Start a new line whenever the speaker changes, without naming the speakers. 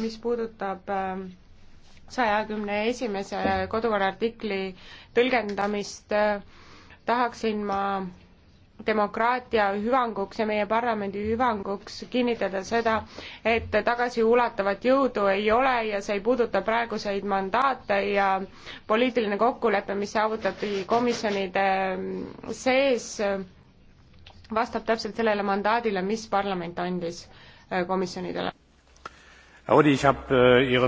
mis puudutab ähm, saja kümne esimese kodukorra artikli tõlgendamist, äh, tahaksin ma demokraatia hüvanguks ja meie parlamendi hüvanguks kinnitada seda, et tagasiulatavat jõudu ei ole ja see ei puuduta praeguseid mandaate ja poliitiline kokkulepe, mis saavutati komisjonide ähm, sees, vastab täpselt sellele mandaadile, mis parlament andis äh, komisjonidele
herr audy!